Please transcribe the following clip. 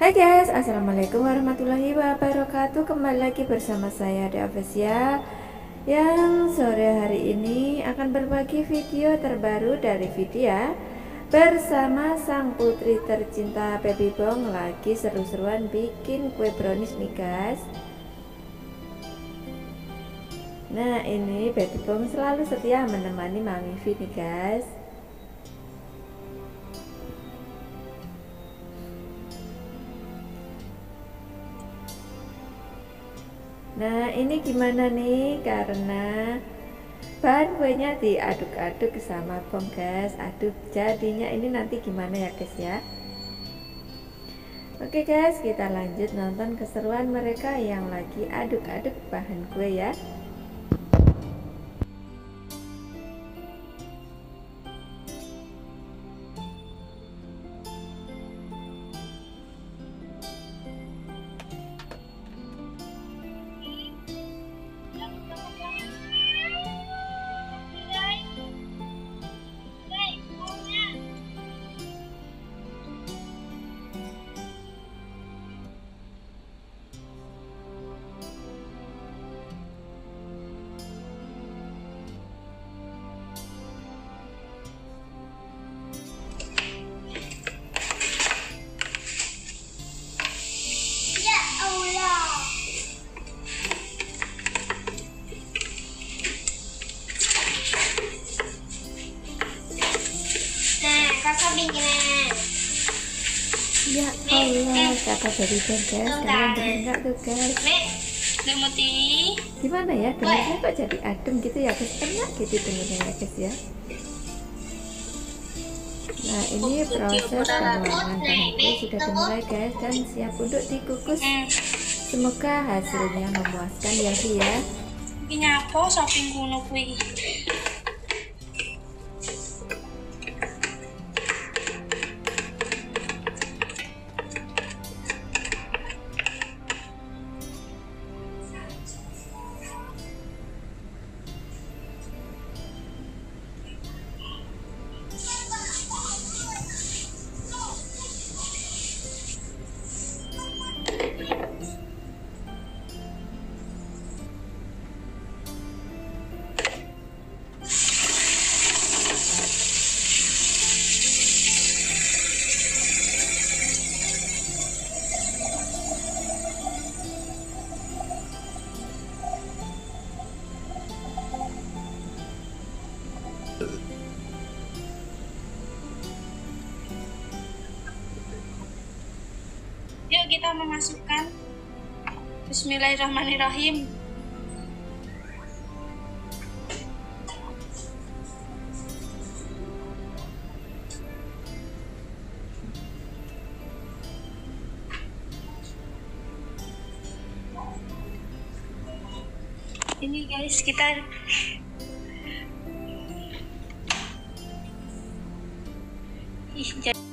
Hai guys, Assalamualaikum warahmatullahi wabarakatuh Kembali lagi bersama saya Ade Avesia Yang sore hari ini akan berbagi video terbaru dari Vidya Bersama sang putri tercinta Baby Bong Lagi seru-seruan bikin kue brownies nih guys Nah ini Baby Bong selalu setia menemani Mami Vidya guys Nah ini gimana nih karena bahan kuenya diaduk-aduk sama bom aduk jadinya ini nanti gimana ya guys ya Oke guys kita lanjut nonton keseruan mereka yang lagi aduk-aduk bahan kue ya Ya Allah, kata dari guys, kalian dengar tuh guys. Gimana ya, dengarnya kok jadi adem gitu ya guys, enak gitu dengarnya guys ya. Nah ini proses pengolahan tahu sudah dimulai guys dan siap untuk dikukus. Semoga hasilnya memuaskan ya sih ya. Ini apa shopping kuno kue? Yuk kita memasukkan Bismillahirrahmanirrahim. ini guys kita 你。